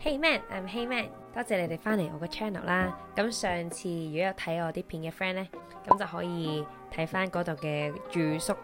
Hey man，I'm Hey man，多謝你哋翻嚟我個 channel 啦。咁上次如果有睇我啲片嘅 friend 呢，咁就可以睇翻嗰度嘅住宿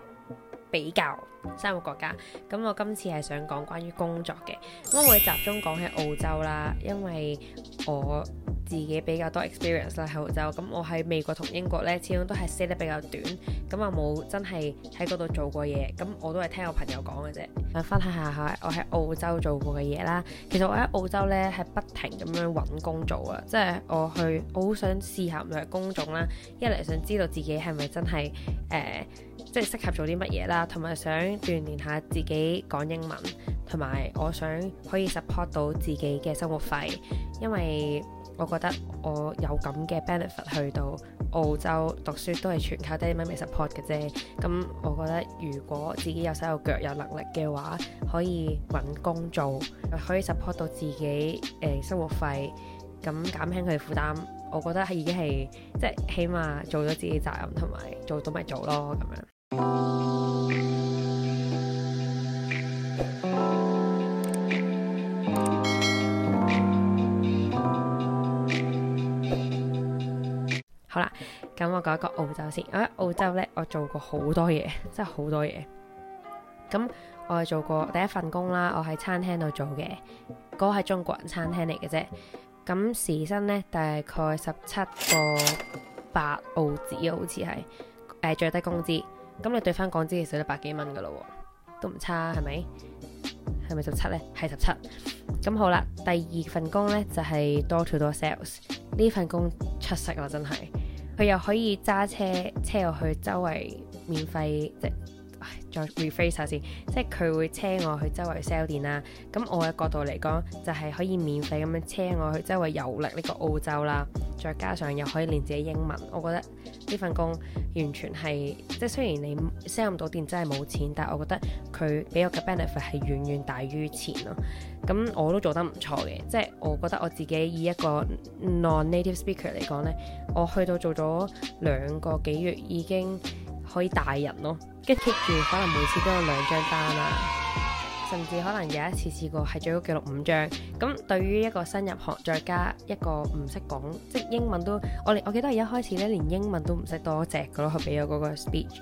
比較三個國家。咁我今次係想講關於工作嘅，咁我會集中講喺澳洲啦，因為我，自己比較多 experience 啦喺澳洲，咁我喺美國同英國呢，始終都係 stay 得比較短，咁又冇真係喺嗰度做過嘢，咁我都係聽我朋友講嘅啫。分享下下，我喺澳洲做過嘅嘢啦，其實我喺澳洲呢，係不停咁樣揾工做啊，即係我去我好想試下唔同嘅工種啦，一嚟想知道自己係咪真係誒，即係適合做啲乜嘢啦，同埋想鍛鍊下自己講英文，同埋我想可以 support 到自己嘅生活費，因為。我覺得我有咁嘅 benefit 去到澳洲讀書都係全靠爹哋媽咪 support 嘅啫。咁我覺得如果自己有手有腳有能力嘅話，可以揾工做，可以 support 到自己誒、呃、生活費，咁減輕佢哋負擔。我覺得係已經係即係起碼做咗自己責任，同埋做到咪做咯咁樣。 好啦，咁我講一個澳洲先。喺澳洲呢，我做過好多嘢，真係好多嘢。咁我係做過第一份工啦，我喺餐廳度做嘅，嗰、那個係中國人餐廳嚟嘅啫。咁時薪呢，大概十七個八澳紙好似係，誒、呃、最低工資。咁你兌翻港資其實都百幾蚊噶咯，都唔差係咪？係咪十七呢？係十七。咁好啦，第二份工呢，就係 door to door sales。呢份工出色啦，真係。佢又可以揸車車我去周圍免費，即係再 rephrase 下先，即係佢會車我去周圍 sell 電啦。咁我嘅角度嚟講，就係可以免費咁樣車我去周圍遊歷呢個澳洲啦。再加上又可以練自己英文，我覺得呢份工完全係即係雖然你 sell 唔到店，真係冇錢，但係我覺得佢俾我嘅 benefit 係遠遠大於錢咯。咁我都做得唔錯嘅，即係我覺得我自己以一個 non-native speaker 嚟講呢，我去到做咗兩個幾月已經可以帶人咯，跟住可能每次都有兩張單啦。甚至可能有一次試過係最高紀錄五張咁，對於一個新入行，再加一個唔識講，即係英文都，我連我記得係一開始咧，連英文都唔識多謝噶咯，佢俾咗嗰個 speech，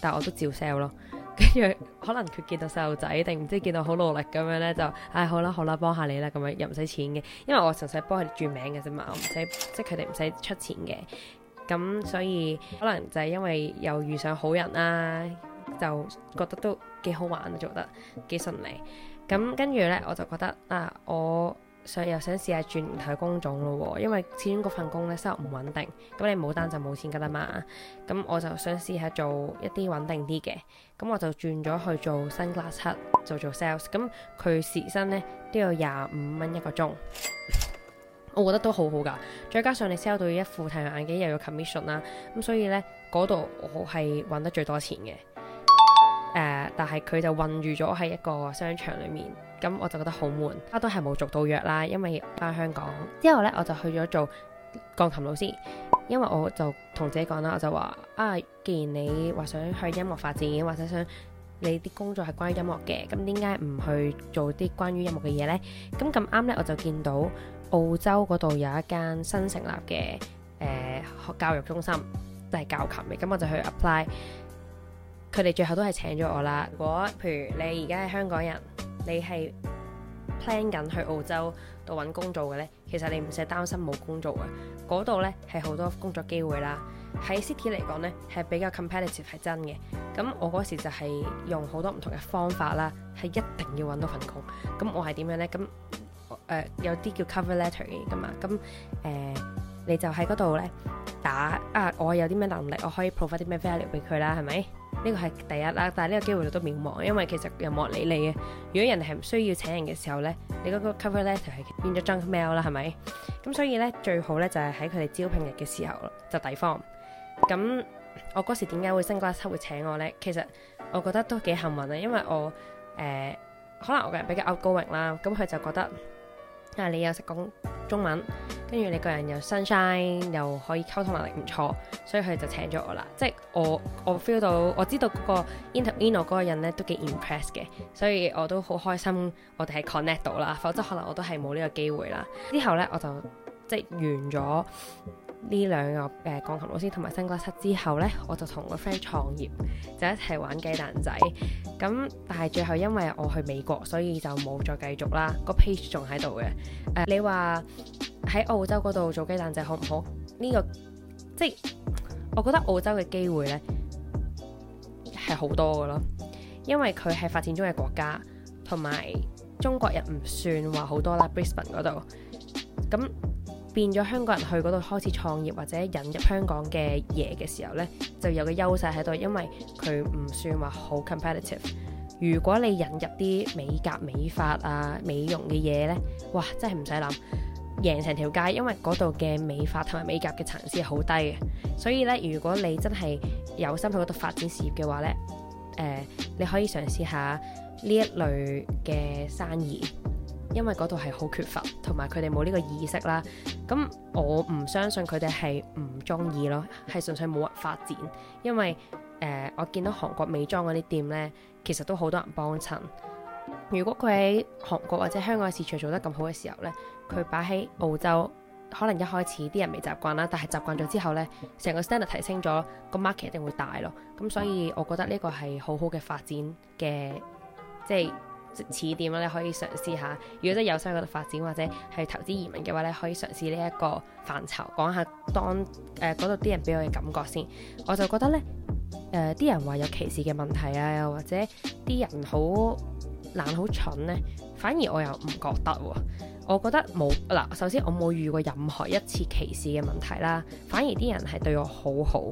但我都照 sell 咯。跟住可能佢見到細路仔，定唔知見到好努力咁樣咧，就唉、哎、好啦好啦，幫下你啦咁樣，又唔使錢嘅，因為我純粹幫佢轉名嘅啫嘛，我唔使即係佢哋唔使出錢嘅，咁所以可能就係因為又遇上好人啦、啊，就覺得都，幾好玩啊，做得幾順利，咁跟住呢，我就覺得啊，我想又想試下轉其他工種咯喎，因為始終嗰份工呢，收入唔穩定，咁你冇單就冇錢噶啦嘛，咁、嗯、我就想試下做一啲穩定啲嘅，咁、嗯、我就轉咗去做 Sunglass Hut，就做 sales，咁佢、嗯、時薪呢都要廿五蚊一個鐘，我覺得都好好噶，再加上你 sell 到一副太陽眼鏡又有 commission 啦，咁、嗯、所以呢，嗰度我係揾得最多錢嘅。誒，uh, 但係佢就困住咗喺一個商場裏面，咁我就覺得好悶。都係冇續到約啦，因為返香港之後呢，我就去咗做鋼琴老師。因為我就同自己講啦，我就話啊，既然你話想去音樂發展，或者想你啲工作係關於音樂嘅，咁點解唔去做啲關於音樂嘅嘢呢？咁咁啱呢，我就見到澳洲嗰度有一間新成立嘅誒、呃、教育中心，就係教琴嘅，咁我就去 apply。佢哋最後都係請咗我啦。如果譬如你而家係香港人，你係 plan 緊去澳洲度揾工做嘅呢，其實你唔使擔心冇工做啊。嗰度呢係好多工作機會啦。喺 city 嚟講呢，係比較 competitive 係真嘅。咁我嗰時就係用好多唔同嘅方法啦，係一定要揾到份工。咁我係點樣呢？咁、呃、有啲叫 cover letter 嘅嘛。咁誒、呃、你就喺嗰度呢打啊！我有啲咩能力，我可以 provide 啲咩 value 俾佢啦，係咪？呢個係第一啦，但係呢個機會度都渺茫，因為其實又冇理你嘅。如果人哋係唔需要請人嘅時候呢，你嗰個 cover letter 係變咗 junk mail 啦，係咪？咁所以呢，最好呢就係喺佢哋招聘日嘅時候就底方。咁我嗰時點解會 Sunglass Hut 會請我呢？其實我覺得都幾幸運啊，因為我誒、呃、可能我個人比較 outgoing 啦，咁佢就覺得。但係你又識講中文，跟住你個人又 sunshine，又可以溝通能力唔錯，所以佢就請咗我啦。即係我我 feel 到，我知道嗰個 interview 嗰個人咧都幾 impress 嘅，所以我都好開心，我哋係 connect 到啦。否則可能我都係冇呢個機會啦。之後呢，我就即完咗。呢兩個誒鋼琴老師同埋新國七之後呢，我就同個 friend 創業，就一齊玩雞蛋仔。咁但係最後因為我去美國，所以就冇再繼續啦。個 page 仲喺度嘅。你話喺澳洲嗰度做雞蛋仔好唔好？呢、呢個即我覺得澳洲嘅機會呢係好多嘅咯，因為佢係發展中嘅國家，同埋中國人唔算話好多啦。Brisbane 嗰度咁。變咗香港人去嗰度開始創業或者引入香港嘅嘢嘅時候呢，就有個優勢喺度，因為佢唔算話好 competitive。如果你引入啲美甲、美髮啊、美容嘅嘢呢，哇，真係唔使諗贏成條街，因為嗰度嘅美髮同埋美甲嘅層次好低嘅。所以呢，如果你真係有心去嗰度發展事業嘅話呢，誒、呃，你可以嘗試下呢一類嘅生意。因為嗰度係好缺乏，同埋佢哋冇呢個意識啦。咁我唔相信佢哋係唔鍾意咯，係純粹冇人發展。因為誒、呃，我見到韓國美妝嗰啲店呢，其實都好多人幫襯。如果佢喺韓國或者香港嘅市場做得咁好嘅時候呢，佢擺喺澳洲，可能一開始啲人未習慣啦，但係習慣咗之後呢，成個 standard 提升咗，個 market 一定會大咯。咁所以，我覺得呢個係好好嘅發展嘅，即係。此點咧，可以嘗試下。如果真係有心喺嗰度發展，或者係投資移民嘅話咧，可以嘗試呢一個範疇。講下當誒嗰度啲人俾我嘅感覺先。我就覺得咧誒，啲、呃、人話有歧視嘅問題啊，又或者啲人好懶好蠢咧，反而我又唔覺得喎。我覺得冇嗱，首先我冇遇過任何一次歧視嘅問題啦。反而啲人係對我好好，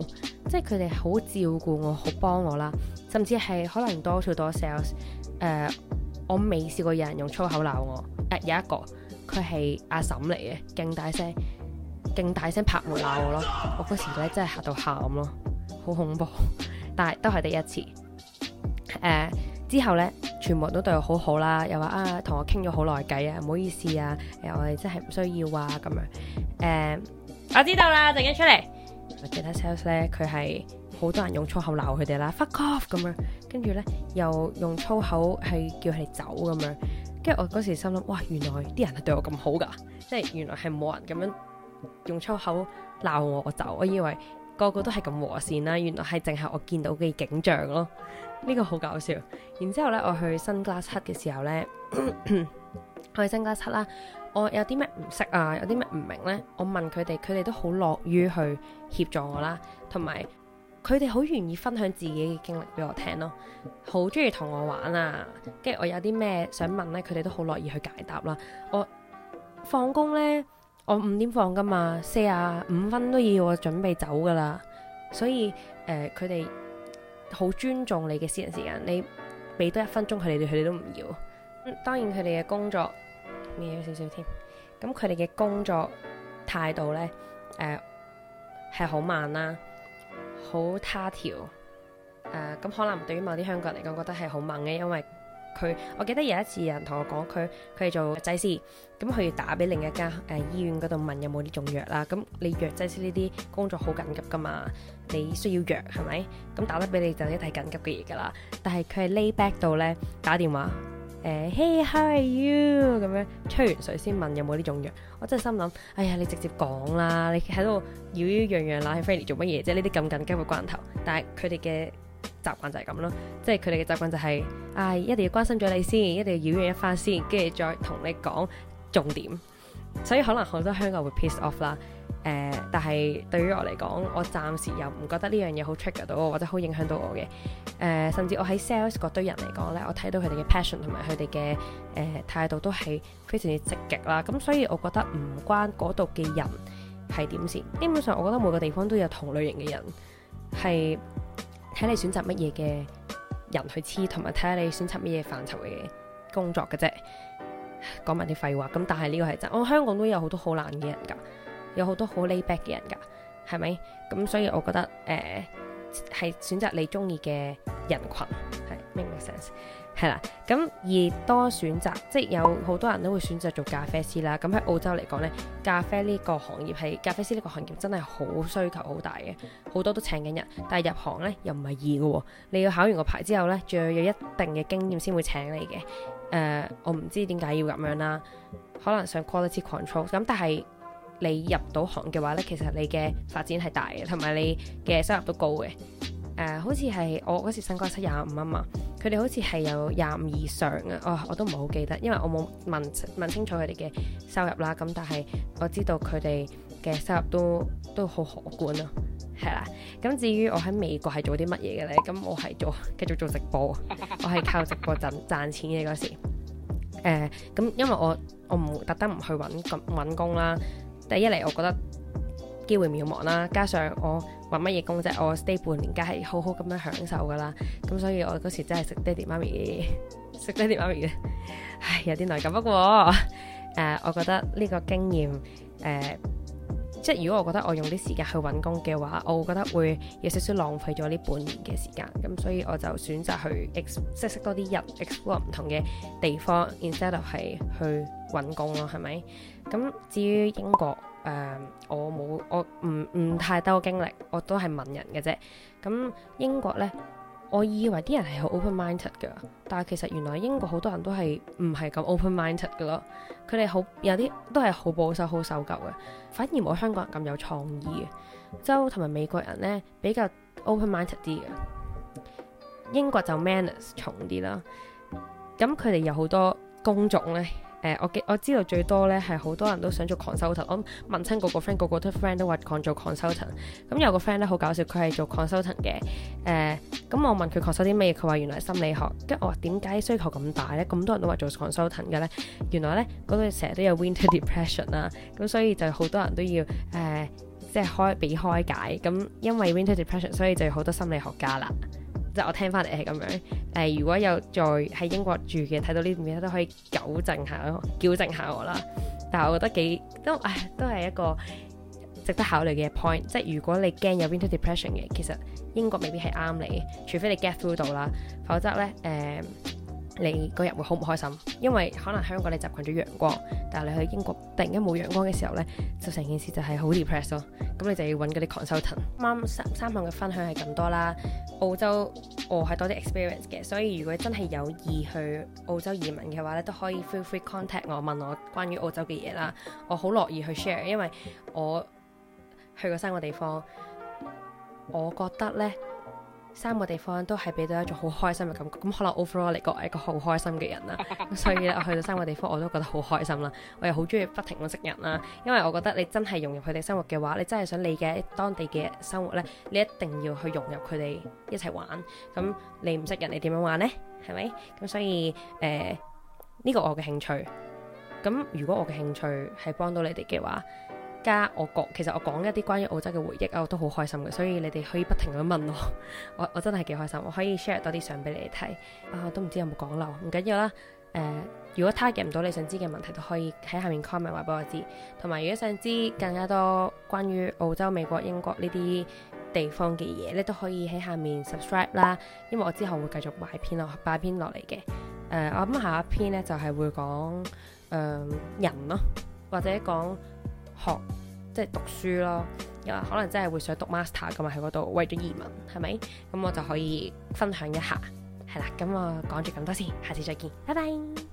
即係佢哋好照顧我，好幫我啦，甚至係可能多做多 sales 誒、呃。我未試過有人用粗口鬧我，誒、呃、有一個佢係阿嬸嚟嘅，勁大聲，勁大聲拍門鬧我咯，我嗰時咧真係嚇到喊咯，好恐怖！但係都係第一次。誒、呃、之後咧，全部人都對我好好啦，又話啊，同我傾咗好耐偈啊，唔好意思啊，誒、呃、我哋真係唔需要啊咁樣。誒、呃、我知道啦，陣間出嚟。其他 sales 咧，佢係。好多人用粗口鬧佢哋啦，fuck off 咁樣，跟住呢，又用粗口係叫佢哋走咁樣。跟住我嗰時心諗，哇，原來啲人係對我咁好㗎，即係原來係冇人咁樣用粗口鬧我我走。我以為個個都係咁和善啦，原來係淨係我見到嘅景象咯。呢個好搞笑。然之後呢，我去新加七嘅時候呢，咳咳，我去新加七啦，我有啲咩唔識啊，有啲咩唔明呢？我問佢哋，佢哋都好樂於去協助我啦，同埋。佢哋好願意分享自己嘅經歷俾我聽咯，好中意同我玩啊！跟住我有啲咩想問咧，佢哋都好樂意去解答啦。我放工咧，我五點放噶嘛，四十五分都要我準備走噶啦。所以誒，佢哋好尊重你嘅私人時間，你俾多一分鐘佢哋，佢哋都唔要、嗯。當然佢哋嘅工作咩少少添，咁佢哋嘅工作態度咧誒係好慢啦、啊。.好他條，誒，咁可能對於某啲香港人嚟講，覺得係好猛嘅。因為佢，我記得有一次有人同我講，佢佢係做藥劑師，咁佢要打俾另一間誒、呃、醫院嗰度問有冇呢種藥啦，咁你藥劑師呢啲工作好緊急噶嘛，你需要藥係咪？咁打得俾你就一定係緊急嘅嘢噶啦，但係佢係 lay back 到咧打電話。Hey, how are you？咁樣吹完水先問有冇呢種藥，我真係心諗，哎呀，你直接講啦，你喺度妖妖樣樣拉起 friendly 做乜嘢？即係呢啲咁緊急嘅關頭，但係佢哋嘅習慣就係咁咯，即係佢哋嘅習慣就係、是，唉、哎，一定要關心咗你先，一定要妖完一番先，跟住再同你講重點，所以可能好多香港人會 piss off 啦。誒，uh, 但係對於我嚟講，我暫時又唔覺得呢樣嘢好 trigger 到我，或者好影響到我嘅。誒、uh, 甚至我喺 sales 嗰堆人嚟講呢，我睇到佢哋嘅 passion 同埋佢哋嘅誒、uh, 態度都係非常之積極啦。咁所以我覺得唔關嗰度嘅人係點先。基本上，我覺得每個地方都有同類型嘅人，係睇你選擇乜嘢嘅人去黐，同埋睇下你選擇乜嘢範疇嘅工作嘅啫。講埋啲廢話。咁但係呢個係真。我香港都有好多好懶嘅人噶。有好多好 layback 嘅人㗎，係咪？咁所以我覺得誒係、呃、選擇你中意嘅人群，係 make sense 係啦。咁而多選擇即係有好多人都會選擇做咖啡師啦。咁喺澳洲嚟講呢，咖啡呢個行業係咖啡師呢個行業真係好需求好大嘅，好多都請緊人。但係入行呢又唔係易嘅喎、哦，你要考完個牌之後呢，仲要有一定嘅經驗先會請你嘅。誒、呃，我唔知點解要咁樣啦，可能想 quality control 咁，但係。你入到行嘅話呢，其實你嘅發展係大嘅，同埋你嘅收入都高嘅。誒、呃，好似係我嗰時薪工七廿五啊嘛，佢哋好似係有廿五以上啊。哦，我都唔係好記得，因為我冇問問清楚佢哋嘅收入啦。咁但係我知道佢哋嘅收入都都好可觀咯、啊，係啦。咁至於我喺美國係做啲乜嘢嘅呢？咁我係做繼續做直播，我係靠直播賺賺錢嘅嗰時。誒、呃，咁因為我我唔特登唔去揾揾工啦。第一嚟，我覺得機會渺茫啦，加上我揾乜嘢工啫，我 stay 半年梗係好好咁樣享受㗎啦，咁所以我嗰時真係食爹哋媽咪，食爹哋媽咪嘅，唉，有啲內疚，不過誒、 呃，我覺得呢個經驗誒。呃即係如果我覺得我用啲時間去揾工嘅話，我會覺得會有少少浪費咗呢半年嘅時間，咁所以我就選擇去識識多啲人，explore 唔同嘅地方，instead of 係去揾工咯，係咪？咁至於英國誒、呃，我冇我唔唔太多經歷，我都係問人嘅啫。咁英國呢？我以為啲人係好 open-minded 嘅，但係其實原來英國好多人都係唔係咁 open-minded 嘅咯。佢哋好有啲都係好保守、好守舊嘅，反而冇香港人咁有創意嘅。就同埋美國人呢，比較 open-minded 啲嘅，英國就 manners 重啲啦。咁佢哋有好多工種呢。誒、呃，我嘅我知道最多咧，係好多人都想做 consultant。我問親個個 friend，個個都 friend 都話狂做 consultant。咁、嗯、有個 friend 咧好搞笑，佢係做 consultant 嘅。誒、嗯，咁我問佢 consult 啲咩，佢話原來係心理學。跟住我話點解需求咁大咧？咁多人都話做 consultant 嘅咧，原來咧嗰度成日都有 winter depression 啦。咁、啊、所以就好多人都要誒、啊，即係開俾開解。咁因為 winter depression，所以就好多心理學家啦。即係我聽翻嚟係咁樣，誒、呃、如果有再喺英國住嘅，睇到呢樣嘢都可以糾正下咯，矯正下我啦。但係我覺得幾都唉，都係一個值得考慮嘅 point。即係如果你驚有 winter depression 嘅，其實英國未必係啱你，除非你 get through 到啦，否則咧誒。呃你個人會好唔開心，因為可能香港你習慣咗陽光，但係你去英國突然間冇陽光嘅時候呢，就成件事就係好 depressed 咯。咁你就要揾嗰啲 contentment。啱，三三項嘅分享係咁多啦。澳洲，我係多啲 experience 嘅，所以如果真係有意去澳洲移民嘅話呢，都可以 feel free contact 我問我關於澳洲嘅嘢啦。我好樂意去 share，因為我去過三個地方，我覺得呢。三個地方都係俾到一種好開心嘅感覺，咁可能 overall 嚟講係一個好開心嘅人啦，所以咧我去到三個地方我都覺得好開心啦，我又好中意不停咁識人啦，因為我覺得你真係融入佢哋生活嘅話，你真係想理解當地嘅生活呢，你一定要去融入佢哋一齊玩，咁你唔識人你點樣玩呢？係咪？咁所以誒呢、呃呢個我嘅興趣，咁如果我嘅興趣係幫到你哋嘅話。家我講，其實我講一啲關於澳洲嘅回憶啊，我都好開心嘅，所以你哋可以不停咁問我，我我真係幾開心，我可以 share 多啲相俾你哋睇。我都唔知有冇講漏，唔緊要啦。誒、呃，如果 target 唔到你想知嘅問題，都可以喺下面 comment 話俾我知。同埋，如果想知更加多關於澳洲、美國、英國呢啲地方嘅嘢，你都可以喺下面 subscribe 啦。因為我之後會繼續擺篇落，擺篇落嚟嘅。誒、呃，我諗下一篇咧就係、是、會講誒、呃、人咯、啊，或者講學。即係讀書咯，又話可能真係會想讀 Master 咁啊，喺嗰度為咗移民，係咪？咁我就可以分享一下，係啦。咁我講住咁多先，下次再見，拜拜。